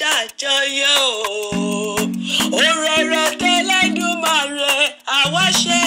ṣàjọyọ̀ o òróró tẹ́lẹ̀dùmarè àwa ṣe.